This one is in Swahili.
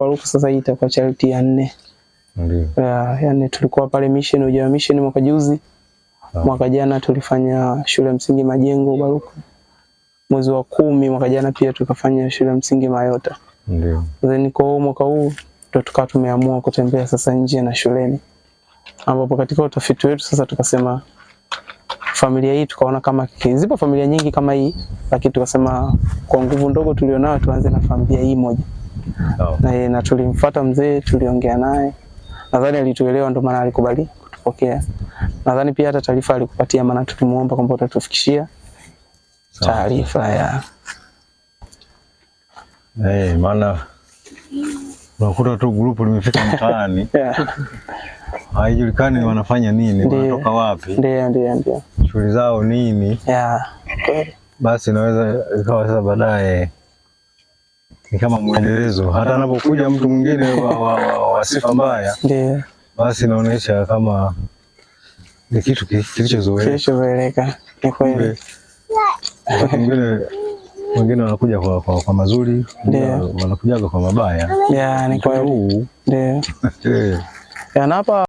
maarufu sasa hii itakuwa charity ya nne. Ndio. Yeah, yani tulikuwa pale mission ujawa mission mwaka juzi. Ah. Mwaka jana tulifanya shule ya msingi Majengo Baruku. Mwezi wa kumi mwaka jana pia tukafanya shule ya msingi Mayota. Ndio. Then kwa huo mwaka huu ndo tukawa tumeamua kutembea sasa nje na shuleni, ambapo katika utafiti wetu sasa tukasema familia hii tukaona kama zipo familia nyingi kama hii, lakini tukasema kwa nguvu ndogo tulionayo tuanze na familia hii moja. Mm. na, na tulimfuata mzee, tuliongea naye, nadhani alituelewa, ndio maana alikubali kutupokea. Nadhani pia hata taarifa alikupatia, maana tulimuomba kwamba utatufikishia taarifa ya hey, eh, maana unakuta tu grupu limefika mtaani yeah. Haijulikani wanafanya nini, wanatoka wapi, ndio ndio ndio shughuli zao nini yeah. Basi inaweza ikawa sasa baadaye ni kama mwendelezo, hata anapokuja mtu mwingine wa, wa, wa, wa sifa mbaya ndio basi inaonyesha kama ni kitu kilichozoeleka. Ni kweli wengine wengine wanakuja kwa, kwa, kwa mazuri, wanakujaga kwa mabaya. ni kweli. Ndio. Eh. Na yaani hapa